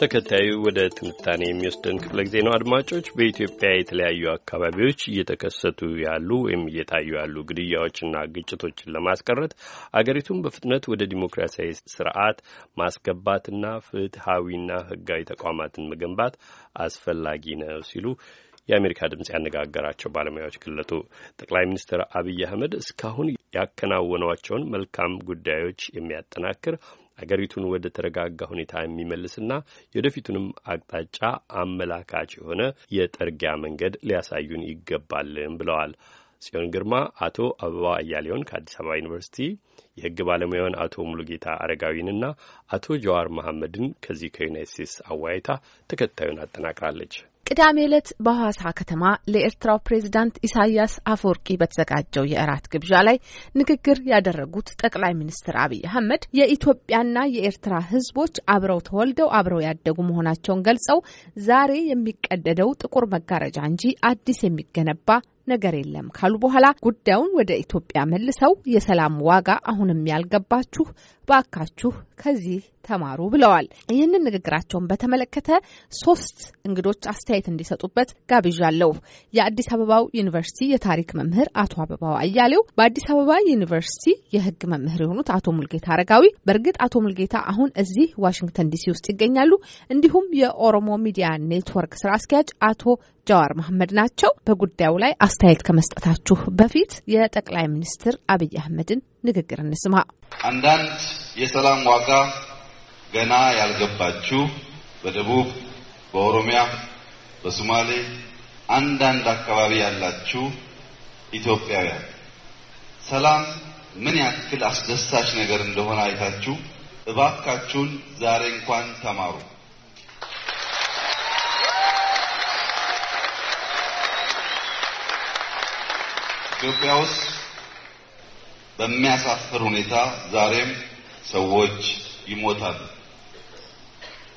ተከታዩ ወደ ትንታኔ የሚወስደን ክፍለ ጊዜ ነው። አድማጮች፣ በኢትዮጵያ የተለያዩ አካባቢዎች እየተከሰቱ ያሉ ወይም እየታዩ ያሉ ግድያዎችና ግጭቶችን ለማስቀረት አገሪቱን በፍጥነት ወደ ዲሞክራሲያዊ ስርዓት ማስገባትና ፍትሐዊና ሕጋዊ ተቋማትን መገንባት አስፈላጊ ነው ሲሉ የአሜሪካ ድምጽ ያነጋገራቸው ባለሙያዎች ገለጡ። ጠቅላይ ሚኒስትር አብይ አህመድ እስካሁን ያከናወኗቸውን መልካም ጉዳዮች የሚያጠናክር አገሪቱን ወደ ተረጋጋ ሁኔታ የሚመልስና የወደፊቱንም አቅጣጫ አመላካች የሆነ የጠርጊያ መንገድ ሊያሳዩን ይገባልም ብለዋል። ጽዮን ግርማ አቶ አበባ አያሌውን ከአዲስ አበባ ዩኒቨርሲቲ የሕግ ባለሙያውን አቶ ሙሉጌታ አረጋዊንና አቶ ጀዋር መሐመድን ከዚህ ከዩናይት ስቴትስ አወያይታ ተከታዩን አጠናቅራለች። ቅዳሜ ዕለት በሐዋሳ ከተማ ለኤርትራው ፕሬዚዳንት ኢሳያስ አፈወርቂ በተዘጋጀው የእራት ግብዣ ላይ ንግግር ያደረጉት ጠቅላይ ሚኒስትር አብይ አህመድ የኢትዮጵያና የኤርትራ ሕዝቦች አብረው ተወልደው አብረው ያደጉ መሆናቸውን ገልጸው ዛሬ የሚቀደደው ጥቁር መጋረጃ እንጂ አዲስ የሚገነባ ነገር የለም ካሉ በኋላ ጉዳዩን ወደ ኢትዮጵያ መልሰው የሰላም ዋጋ አሁንም ያልገባችሁ ባካችሁ ከዚህ ተማሩ ብለዋል። ይህንን ንግግራቸውን በተመለከተ ሶስት እንግዶች አስተያየት እንዲሰጡበት ጋብዣለሁ። የአዲስ አበባው ዩኒቨርሲቲ የታሪክ መምህር አቶ አበባው አያሌው፣ በአዲስ አበባ ዩኒቨርሲቲ የሕግ መምህር የሆኑት አቶ ሙልጌታ አረጋዊ። በእርግጥ አቶ ሙልጌታ አሁን እዚህ ዋሽንግተን ዲሲ ውስጥ ይገኛሉ። እንዲሁም የኦሮሞ ሚዲያ ኔትወርክ ስራ አስኪያጅ አቶ ጃዋር መሐመድ ናቸው። በጉዳዩ ላይ አስተያየት ከመስጠታችሁ በፊት የጠቅላይ ሚኒስትር አብይ አህመድን ንግግር እንስማ። አንዳንድ የሰላም ዋጋ ገና ያልገባችሁ በደቡብ፣ በኦሮሚያ፣ በሶማሌ አንዳንድ አካባቢ ያላችሁ ኢትዮጵያውያን ሰላም ምን ያክል አስደሳች ነገር እንደሆነ አይታችሁ እባካችሁን ዛሬ እንኳን ተማሩ። ኢትዮጵያ ውስጥ በሚያሳፍር ሁኔታ ዛሬም ሰዎች ይሞታሉ።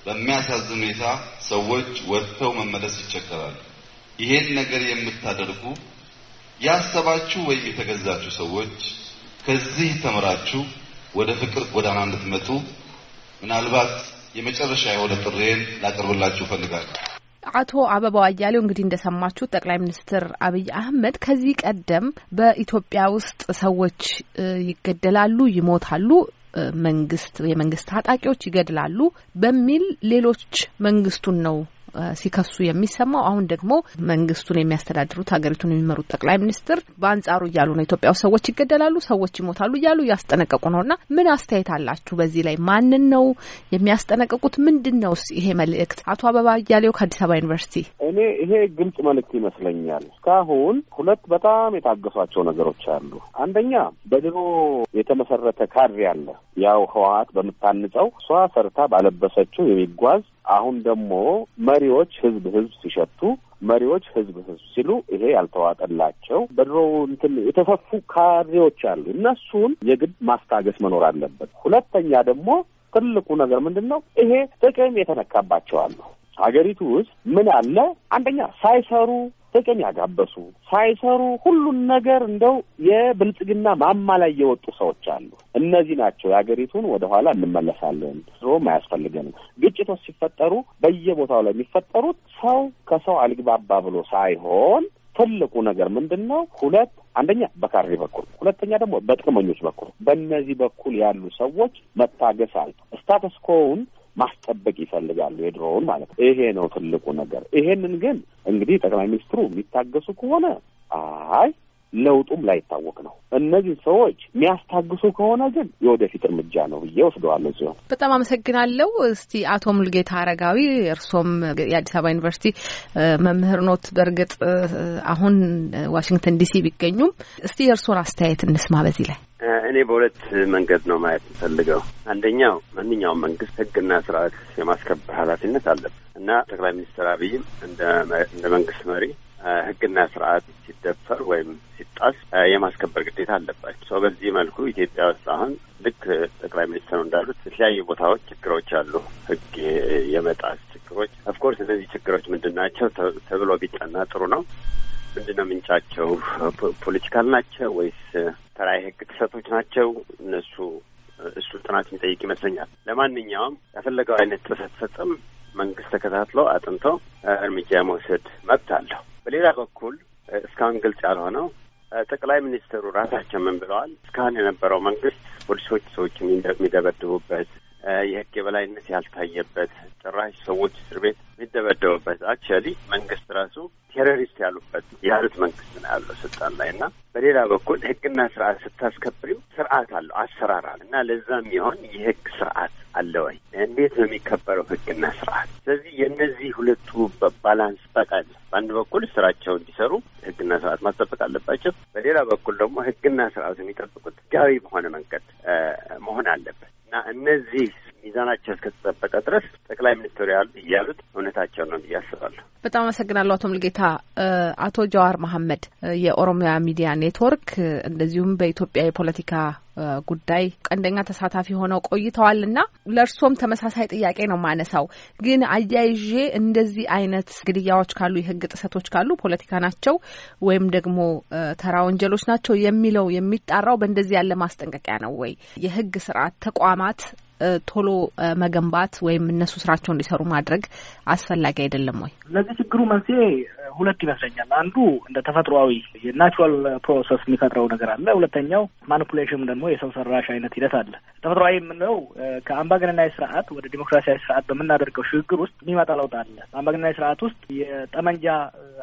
በሚያሳዝን ሁኔታ ሰዎች ወጥተው መመለስ ይቸገራሉ። ይሄን ነገር የምታደርጉ ያሰባችሁ ወይም የተገዛችሁ ሰዎች ከዚህ ተምራችሁ ወደ ፍቅር ጎዳና እንድትመጡ ምናልባት የመጨረሻ የሆነ ጥሬን ላቀርብላችሁ እፈልጋለሁ። አቶ አበባው አያሌው እንግዲህ እንደሰማችሁት ጠቅላይ ሚኒስትር አብይ አህመድ ከዚህ ቀደም በኢትዮጵያ ውስጥ ሰዎች ይገደላሉ፣ ይሞታሉ መንግስት የመንግስት ታጣቂዎች ይገድላሉ በሚል ሌሎች መንግስቱን ነው ሲከሱ የሚሰማው። አሁን ደግሞ መንግስቱን የሚያስተዳድሩት ሀገሪቱን የሚመሩት ጠቅላይ ሚኒስትር በአንጻሩ እያሉ ነው ኢትዮጵያ ውስጥ ሰዎች ይገደላሉ፣ ሰዎች ይሞታሉ እያሉ እያስጠነቀቁ ነውና ምን አስተያየት አላችሁ በዚህ ላይ? ማንን ነው የሚያስጠነቅቁት? ምንድን ነው ይሄ መልእክት? አቶ አበባ እያሌው ከአዲስ አበባ ዩኒቨርሲቲ። እኔ ይሄ ግልጽ መልእክት ይመስለኛል። እስካሁን ሁለት በጣም የታገሷቸው ነገሮች አሉ። አንደኛ በድሮ የተመሰረተ ካድሬ አለ። ያው ህወሀት በምታንጸው እሷ ሰርታ ባለበሰችው የሚጓዝ አሁን ደግሞ መሪዎች ህዝብ ህዝብ ሲሸቱ መሪዎች ህዝብ ህዝብ ሲሉ ይሄ ያልተዋጠላቸው በድሮ እንትን የተፈፉ ካድሬዎች አሉ። እነሱን የግድ ማስታገስ መኖር አለበት። ሁለተኛ ደግሞ ትልቁ ነገር ምንድን ነው? ይሄ ጥቅም የተነካባቸው አሉ። ሀገሪቱ ውስጥ ምን አለ? አንደኛ ሳይሰሩ ጥቅም ያጋበሱ ሳይሰሩ ሁሉን ነገር እንደው የብልጽግና ማማ ላይ የወጡ ሰዎች አሉ። እነዚህ ናቸው የሀገሪቱን ወደኋላ እንመለሳለን ድሮም አያስፈልገንም። ግጭቶች ሲፈጠሩ በየቦታው ላይ የሚፈጠሩት ሰው ከሰው አልግባባ ብሎ ሳይሆን ትልቁ ነገር ምንድን ነው? ሁለት አንደኛ በካድሬ በኩል ሁለተኛ ደግሞ በጥቅመኞች በኩል በእነዚህ በኩል ያሉ ሰዎች መታገስ አለ። ስታተስኮውን ማስጠበቅ ይፈልጋሉ፣ የድሮውን ማለት ነው። ይሄ ነው ትልቁ ነገር። ይሄንን ግን እንግዲህ ጠቅላይ ሚኒስትሩ የሚታገሱ ከሆነ አይ ለውጡም ላይታወቅ ነው። እነዚህ ሰዎች የሚያስታግሱ ከሆነ ግን የወደፊት እርምጃ ነው ብዬ ወስደዋለሁ። ሲሆን በጣም አመሰግናለሁ። እስቲ አቶ ሙልጌታ አረጋዊ እርሶም የአዲስ አበባ ዩኒቨርሲቲ መምህር ኖት። በእርግጥ አሁን ዋሽንግተን ዲሲ ቢገኙም እስቲ የእርሶን አስተያየት እንስማ በዚህ ላይ እኔ በሁለት መንገድ ነው ማየት የምፈልገው። አንደኛው ማንኛውም መንግስት ህግና ስርዓት የማስከበር ኃላፊነት አለበት እና ጠቅላይ ሚኒስትር አብይም እንደ መንግስት መሪ ህግና ስርዓት ሲደፈር ወይም ሲጣስ የማስከበር ግዴታ አለባቸው። በዚህ መልኩ ኢትዮጵያ ውስጥ አሁን ልክ ጠቅላይ ሚኒስትሩ እንዳሉት የተለያዩ ቦታዎች ችግሮች አሉ። ህግ የመጣስ ችግሮች ኦፍኮርስ፣ እነዚህ ችግሮች ምንድን ናቸው ተብሎ ቢጠና ጥሩ ነው። ምንድነው ምንጫቸው? ፖለቲካል ናቸው ወይስ ተራ የህግ ጥሰቶች ናቸው? እነሱ እሱ ጥናት የሚጠይቅ ይመስለኛል። ለማንኛውም ያፈለገው አይነት ጥሰት ፈጽም መንግስት ተከታትሎ አጥንቶ እርምጃ መውሰድ መብት አለው። በሌላ በኩል እስካሁን ግልጽ ያልሆነው ጠቅላይ ሚኒስትሩ ራሳቸው ምን ብለዋል? እስካሁን የነበረው መንግስት ፖሊሶች ሰዎች የሚደበድቡበት የህግ የበላይነት ያልታየበት ጭራሽ ሰዎች እስር ቤት የሚደበደቡበት አክቹዋሊ መንግስት ራሱ ቴሮሪስት ያሉበት ያሉት መንግስት ነው ያለው ስልጣን ላይ እና በሌላ በኩል ህግና ስርዓት ስታስከብሪው ስርዓት አለው አሰራር አለ እና ለዛም ይሆን የህግ ስርዓት አለ ወይ? እንዴት ነው የሚከበረው ህግና ስርዓት? ስለዚህ የእነዚህ ሁለቱ ባላንስ በቃል በአንድ በኩል ስራቸው እንዲሰሩ ህግና ስርዓት ማስጠበቅ አለባቸው። በሌላ በኩል ደግሞ ህግና ስርዓት የሚጠብቁት ህጋዊ በሆነ መንገድ እነዚህ ሚዛናቸው እስከተጠበቀ ድረስ ጠቅላይ ሚኒስትሩ ያሉት እያሉት እውነታቸው ነው ብዬ አስባለሁ። በጣም አመሰግናለሁ አቶ ምልጌታ አቶ ጀዋር መሀመድ የኦሮሚያ ሚዲያ ኔትወርክ እንደዚሁም በኢትዮጵያ የፖለቲካ ጉዳይ ቀንደኛ ተሳታፊ ሆነው ቆይተዋል እና ለእርሶም ተመሳሳይ ጥያቄ ነው ማነሳው። ግን አያይዤ እንደዚህ አይነት ግድያዎች ካሉ፣ የህግ ጥሰቶች ካሉ ፖለቲካ ናቸው ወይም ደግሞ ተራ ወንጀሎች ናቸው የሚለው የሚጣራው በእንደዚህ ያለ ማስጠንቀቂያ ነው ወይ? የህግ ስርዓት ተቋማት ቶሎ መገንባት ወይም እነሱ ስራቸው እንዲሰሩ ማድረግ አስፈላጊ አይደለም ወይ? ለዚህ ችግሩ መንስኤ ሁለት ይመስለኛል። አንዱ እንደ ተፈጥሯዊ የናቹራል ፕሮሰስ የሚፈጥረው ነገር አለ። ሁለተኛው ማኒፑሌሽን ደግሞ የሰው ሰራሽ አይነት ሂደት አለ። ተፈጥሯዊ የምንለው ከአምባገነናዊ ስርዓት ወደ ዲሞክራሲያዊ ስርዓት በምናደርገው ሽግግር ውስጥ የሚመጣ ለውጥ አለ። በአምባገነናዊ ስርዓት ውስጥ የጠመንጃ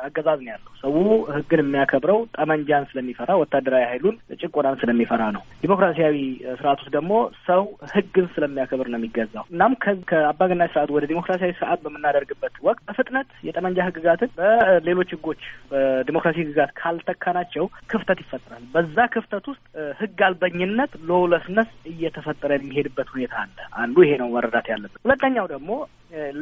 አገዛዝ ነው ያለው። ሰው ህግን የሚያከብረው ጠመንጃን ስለሚፈራ፣ ወታደራዊ ኃይሉን ጭቆናን ስለሚፈራ ነው። ዲሞክራሲያዊ ስርዓት ውስጥ ደግሞ ሰው ህግን ስለ ስለሚያከብር ነው የሚገዛው። እናም ከአባገናዊ ስርዓት ወደ ዲሞክራሲያዊ ስርዓት በምናደርግበት ወቅት በፍጥነት የጠመንጃ ህግጋትን በሌሎች ህጎች በዲሞክራሲ ህግጋት ካልተካናቸው ክፍተት ይፈጠራል። በዛ ክፍተት ውስጥ ህግ አልበኝነት፣ ሎውለስነስ እየተፈጠረ የሚሄድበት ሁኔታ አለ። አንዱ ይሄ ነው መረዳት ያለበት። ሁለተኛው ደግሞ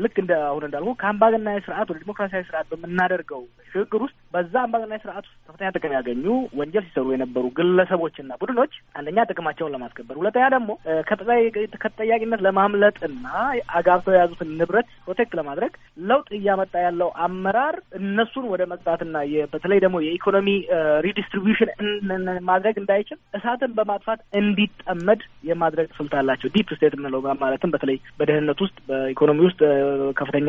ልክ እንደ አሁን እንዳልኩ ከአምባገናዊ ስርዓት ወደ ዲሞክራሲያዊ ስርዓት በምናደርገው ሽግግር ውስጥ በዛ አምባገናዊ ስርዓት ውስጥ ከፍተኛ ጥቅም ያገኙ ወንጀል ሲሰሩ የነበሩ ግለሰቦችና ቡድኖች አንደኛ ጥቅማቸውን ለማስከበር፣ ሁለተኛ ደግሞ ከተጠያቂነት ለማምለጥና አጋብተው የያዙትን ንብረት ፕሮቴክት ለማድረግ ለውጥ እያመጣ ያለው አመራር እነሱን ወደ መቅጣትና በተለይ ደግሞ የኢኮኖሚ ሪዲስትሪቢሽን ማድረግ እንዳይችል እሳትን በማጥፋት እንዲጠመድ የማድረግ ስልት አላቸው። ዲፕ ስቴት የምንለው ማለትም በተለይ በደህንነት ውስጥ በኢኮኖሚ ውስጥ ውስጥ ከፍተኛ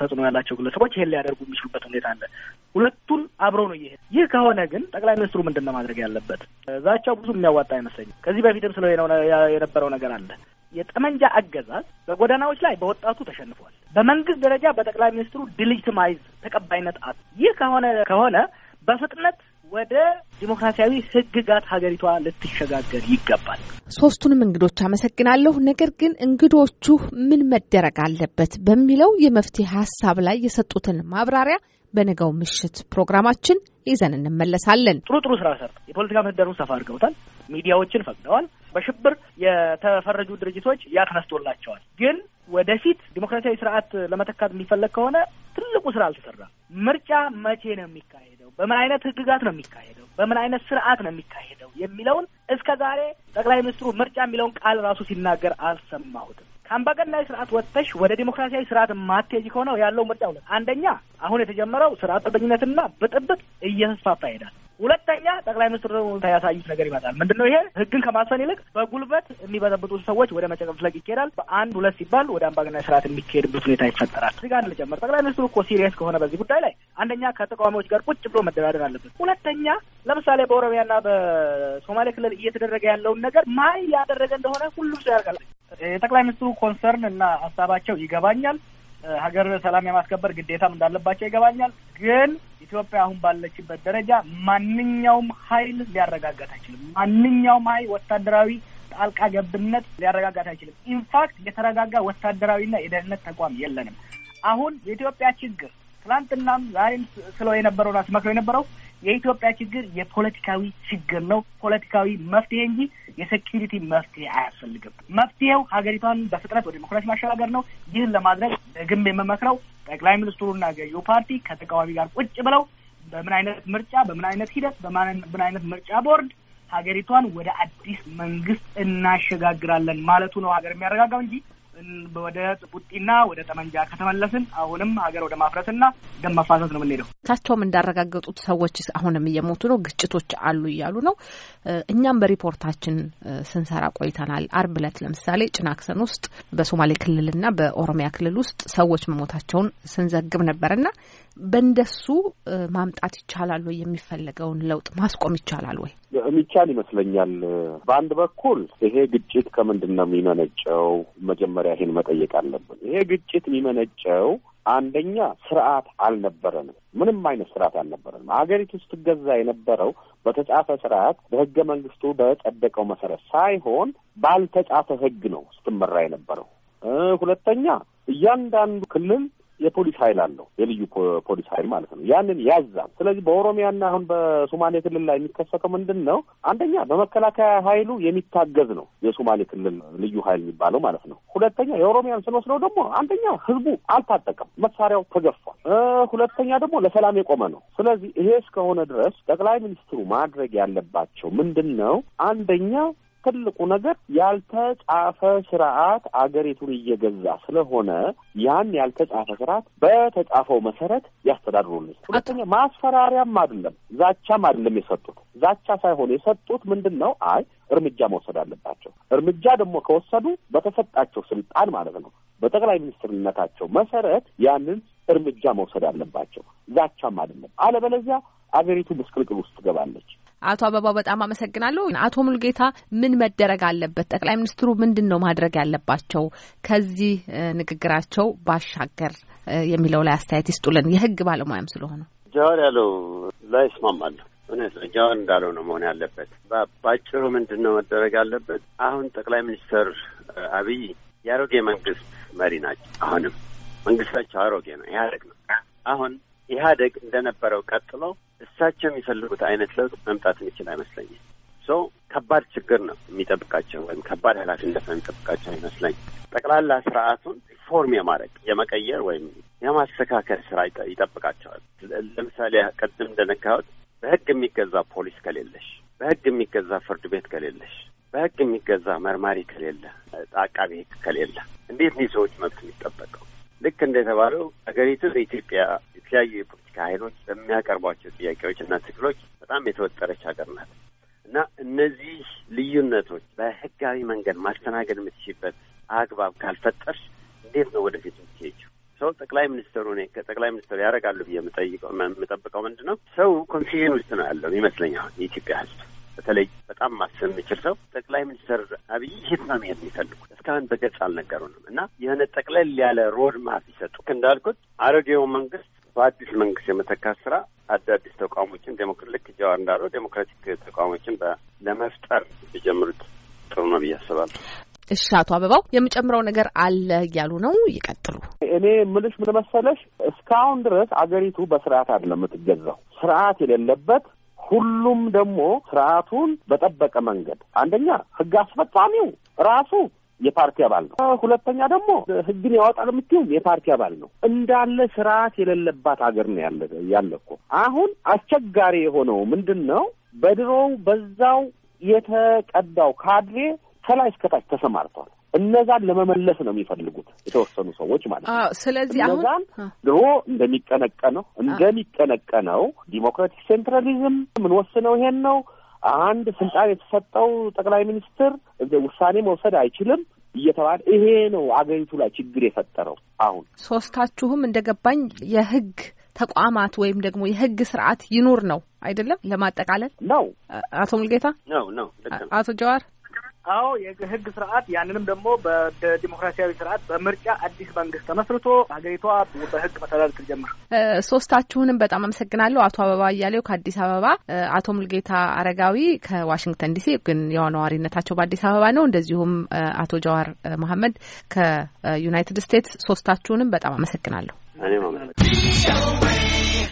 ተጽዕኖ ያላቸው ግለሰቦች ይሄን ሊያደርጉ የሚችሉበት ሁኔታ አለ። ሁለቱን አብረው ነው ይሄ ይህ ከሆነ ግን ጠቅላይ ሚኒስትሩ ምንድን ነው ማድረግ ያለበት? ዛቻው ብዙ የሚያዋጣ አይመስለኝም። ከዚህ በፊትም ስለ የነበረው ነገር አለ። የጠመንጃ አገዛዝ በጎዳናዎች ላይ በወጣቱ ተሸንፏል። በመንግስት ደረጃ በጠቅላይ ሚኒስትሩ ዲሊጅትማይዝ ተቀባይነት አ ይህ ከሆነ ከሆነ በፍጥነት ወደ ዲሞክራሲያዊ ህግጋት ሀገሪቷ ልትሸጋገር ይገባል። ሶስቱንም እንግዶች አመሰግናለሁ። ነገር ግን እንግዶቹ ምን መደረግ አለበት በሚለው የመፍትሄ ሀሳብ ላይ የሰጡትን ማብራሪያ በነገው ምሽት ፕሮግራማችን ይዘን እንመለሳለን። ጥሩ ጥሩ ስራ ሰርተው የፖለቲካ ምህዳሩን ሰፋ አድርገውታል። ሚዲያዎችን ፈቅደዋል። በሽብር የተፈረጁ ድርጅቶች ያክነስቶላቸዋል። ግን ወደፊት ዲሞክራሲያዊ ስርዓት ለመተካት የሚፈለግ ከሆነ ትልቁ ስራ አልተሰራ። ምርጫ መቼ ነው የሚካሄደው? በምን አይነት ህግጋት ነው የሚካሄደው? በምን አይነት ስርዓት ነው የሚካሄደው የሚለውን እስከ ዛሬ ጠቅላይ ሚኒስትሩ ምርጫ የሚለውን ቃል ራሱ ሲናገር አልሰማሁትም። ከአምባገናዊ ስርዓት ወጥተሽ ወደ ዲሞክራሲያዊ ስርዓት ማቴጅ ከሆነው ያለው ምርጫ ሁለት አንደኛ አሁን የተጀመረው ስርዓት ጠበኝነትና ብጥብጥ እየተስፋፋ ይሄዳል። ሁለተኛ ጠቅላይ ሚኒስትሩ ደግሞ ያሳዩት ነገር ይመጣል። ምንድነው ይሄ? ህግን ከማስፈን ይልቅ በጉልበት የሚበጠብጡ ሰዎች ወደ ፍለግ ይካሄዳል። በአንድ ሁለት ሲባል ወደ አምባገነን ስርዓት የሚካሄድበት ሁኔታ ይፈጠራል። እዚህ ጋር ልጀምር። ጠቅላይ ሚኒስትሩ እኮ ሲሪየስ ከሆነ በዚህ ጉዳይ ላይ አንደኛ ከተቃዋሚዎች ጋር ቁጭ ብሎ መደራደር አለበት። ሁለተኛ ለምሳሌ በኦሮሚያና በሶማሌ ክልል እየተደረገ ያለውን ነገር ማን ያደረገ እንደሆነ ሁሉም ሰው ያደርጋል። የጠቅላይ ሚኒስትሩ ኮንሰርን እና ሀሳባቸው ይገባኛል። ሀገር ሰላም የማስከበር ግዴታም እንዳለባቸው ይገባኛል። ግን ኢትዮጵያ አሁን ባለችበት ደረጃ ማንኛውም ኃይል ሊያረጋጋት አይችልም። ማንኛውም ኃይል ወታደራዊ ጣልቃ ገብነት ሊያረጋጋት አይችልም። ኢንፋክት የተረጋጋ ወታደራዊና የደህንነት ተቋም የለንም። አሁን የኢትዮጵያ ችግር ትላንትናም ዛሬም ስለው የነበረውን ስመክረው የነበረው የኢትዮጵያ ችግር የፖለቲካዊ ችግር ነው። ፖለቲካዊ መፍትሄ እንጂ የሴኪሪቲ መፍትሄ አያስፈልግም። መፍትሄው ሀገሪቷን በፍጥነት ወደ ዲሞክራሲ ማሸጋገር ነው። ይህን ለማድረግ በግንብ የምመክረው ጠቅላይ ሚኒስትሩና ገዢው ፓርቲ ከተቃዋሚ ጋር ቁጭ ብለው በምን አይነት ምርጫ፣ በምን አይነት ሂደት፣ በምን አይነት ምርጫ ቦርድ ሀገሪቷን ወደ አዲስ መንግስት እናሸጋግራለን ማለቱ ነው ሀገር የሚያረጋጋው እንጂ ወደ ቡጢና ወደ ጠመንጃ ከተመለስን አሁንም ሀገር ወደ ማፍረስና ደም መፋሰስ ነው የምንሄደው። ታቸውም እንዳረጋገጡት ሰዎች አሁንም እየሞቱ ነው፣ ግጭቶች አሉ እያሉ ነው። እኛም በሪፖርታችን ስንሰራ ቆይተናል። አርብ ዕለት ለምሳሌ ጭናክሰን ውስጥ በሶማሌ ክልልና በኦሮሚያ ክልል ውስጥ ሰዎች መሞታቸውን ስንዘግብ ነበርና በእንደሱ ማምጣት ይቻላል ወይ? የሚፈለገውን ለውጥ ማስቆም ይቻላል ወይ? የሚቻል ይመስለኛል። በአንድ በኩል ይሄ ግጭት ከምንድን ነው የሚመነጨው መጀመሪያ መጀመሪያ ይህን መጠየቅ አለብን። ይሄ ግጭት የሚመነጨው አንደኛ ስርዓት አልነበረንም። ምንም አይነት ስርዓት አልነበረንም። አገሪቱ ስትገዛ የነበረው በተጻፈ ስርዓት በህገ መንግስቱ በጸደቀው መሰረት ሳይሆን ባልተጻፈ ህግ ነው ስትመራ የነበረው። ሁለተኛ እያንዳንዱ ክልል የፖሊስ ኃይል አለው የልዩ ፖሊስ ኃይል ማለት ነው። ያንን ያዛል። ስለዚህ በኦሮሚያና አሁን በሶማሌ ክልል ላይ የሚከሰተው ምንድን ነው? አንደኛ በመከላከያ ኃይሉ የሚታገዝ ነው የሶማሌ ክልል ልዩ ኃይል የሚባለው ማለት ነው። ሁለተኛ የኦሮሚያን ስንወስደው ደግሞ አንደኛ ህዝቡ አልታጠቀም፣ መሳሪያው ተገፏል። ሁለተኛ ደግሞ ለሰላም የቆመ ነው። ስለዚህ ይሄ እስከሆነ ድረስ ጠቅላይ ሚኒስትሩ ማድረግ ያለባቸው ምንድን ነው? አንደኛ ትልቁ ነገር ያልተጻፈ ስርዓት አገሪቱን እየገዛ ስለሆነ ያን ያልተጻፈ ስርዓት በተጻፈው መሰረት ያስተዳድሩልኝ። ሁለተኛ ማስፈራሪያም አይደለም ዛቻም አይደለም የሰጡት። ዛቻ ሳይሆን የሰጡት ምንድን ነው? አይ እርምጃ መውሰድ አለባቸው። እርምጃ ደግሞ ከወሰዱ በተሰጣቸው ስልጣን ማለት ነው በጠቅላይ ሚኒስትርነታቸው መሰረት ያንን እርምጃ መውሰድ አለባቸው። ዛቻም አይደለም። አለበለዚያ አገሪቱ ምስቅልቅል ውስጥ ትገባለች። አቶ አበባው በጣም አመሰግናለሁ። አቶ ሙልጌታ ምን መደረግ አለበት? ጠቅላይ ሚኒስትሩ ምንድን ነው ማድረግ ያለባቸው ከዚህ ንግግራቸው ባሻገር የሚለው ላይ አስተያየት ይስጡልን። የህግ ባለሙያም ስለሆነ ጃዋር ያለው ላይ እስማማለሁ። እውነት ነው። ጃዋር እንዳለው ነው መሆን ያለበት። ባጭሩ ምንድን ነው መደረግ ያለበት? አሁን ጠቅላይ ሚኒስትር አብይ የአሮጌ መንግስት መሪ ናቸው። አሁንም መንግስታቸው አሮጌ ነው፣ ኢህአዴግ ነው። አሁን ኢህአዴግ እንደነበረው ቀጥለው እሳቸው የሚፈልጉት አይነት ለውጥ መምጣት የሚችል አይመስለኝም። ሰው ከባድ ችግር ነው የሚጠብቃቸው ወይም ከባድ ኃላፊነት ነው የሚጠብቃቸው ይመስለኝ ጠቅላላ ስርዓቱን ሪፎርም የማድረግ የመቀየር ወይም የማስተካከል ስራ ይጠብቃቸዋል። ለምሳሌ ቅድም እንደነካሁት በህግ የሚገዛ ፖሊስ ከሌለሽ፣ በህግ የሚገዛ ፍርድ ቤት ከሌለሽ፣ በህግ የሚገዛ መርማሪ ከሌለ፣ አቃቤ ህግ ከሌለ እንዴት ነው የሰዎች መብት የሚጠበቀው? ልክ እንደተባለው ሀገሪቱ በኢትዮጵያ የተለያዩ የፖለቲካ ኃይሎች በሚያቀርቧቸው ጥያቄዎች እና ትግሎች በጣም የተወጠረች ሀገር ናት እና እነዚህ ልዩነቶች በህጋዊ መንገድ ማስተናገድ የምትችበት አግባብ ካልፈጠርሽ እንዴት ነው ወደፊት የምትሄጂው? ሰው ጠቅላይ ሚኒስትሩ እኔ ከጠቅላይ ሚኒስትሩ ያደርጋሉ ብዬ የምጠይቀው የምጠብቀው ምንድን ነው ሰው ኮንፊዥን ውስጥ ነው ያለው ይመስለኛል። የኢትዮጵያ ህዝብ በተለይ በጣም ማሰብ የሚችል ሰው ጠቅላይ ሚኒስትር አብይ የት ነው መሄድ የሚፈልጉት እስካሁን በገጽ አልነገሩንም እና የሆነ ጠቅለል ያለ ሮድ ማፕ ይሰጡ። እንዳልኩት አሮጌው መንግስት በአዲስ መንግስት የመተካት ስራ አዳዲስ ተቋሞችን ልክ ጀዋር እንዳለው ዴሞክራቲክ ተቋሞችን ለመፍጠር የጀምሩት ጥሩ ነው ብዬ አስባለሁ። እሺ አቶ አበባው የምጨምረው ነገር አለ እያሉ ነው፣ ይቀጥሉ። እኔ ምልሽ ምን መሰለሽ፣ እስካሁን ድረስ አገሪቱ በስርዓት አይደለም የምትገዛው። ስርዓት የሌለበት ሁሉም ደግሞ ስርዓቱን በጠበቀ መንገድ አንደኛ ህግ አስፈጻሚው ራሱ የፓርቲ አባል ነው። ሁለተኛ ደግሞ ህግን ያወጣል የምትውም የፓርቲ አባል ነው። እንዳለ ስርዓት የሌለባት ሀገር ነው ያለ ያለ እኮ አሁን አስቸጋሪ የሆነው ምንድን ነው? በድሮው በዛው የተቀዳው ካድሬ ከላይ እስከታች ተሰማርቷል። እነዛን ለመመለስ ነው የሚፈልጉት የተወሰኑ ሰዎች ማለት ነው። ስለዚህ እነዛን ድሮ እንደሚቀነቀነው እንደሚቀነቀነው ዲሞክራቲክ ሴንትራሊዝም ምንወስነው ይሄን ነው አንድ ስልጣን የተሰጠው ጠቅላይ ሚኒስትር ውሳኔ መውሰድ አይችልም እየተባለ ይሄ ነው አገሪቱ ላይ ችግር የፈጠረው። አሁን ሶስታችሁም እንደገባኝ የህግ ተቋማት ወይም ደግሞ የህግ ስርዓት ይኑር ነው አይደለም? ለማጠቃለል ነው። አቶ ሙልጌታ ነው ነው አቶ ጀዋር አዎ የህግ ስርዓት ያንንም ደግሞ በዲሞክራሲያዊ ስርዓት በምርጫ አዲስ መንግስት ተመስርቶ ሀገሪቷ በህግ መተዳደር ትጀምር። ሶስታችሁንም በጣም አመሰግናለሁ። አቶ አበባ እያሌው ከአዲስ አበባ፣ አቶ ሙልጌታ አረጋዊ ከዋሽንግተን ዲሲ ግን ያው ነዋሪነታቸው በአዲስ አበባ ነው፣ እንደዚሁም አቶ ጀዋር መሐመድ ከዩናይትድ ስቴትስ ሶስታችሁንም በጣም አመሰግናለሁ። እኔም አመሰግናለሁ።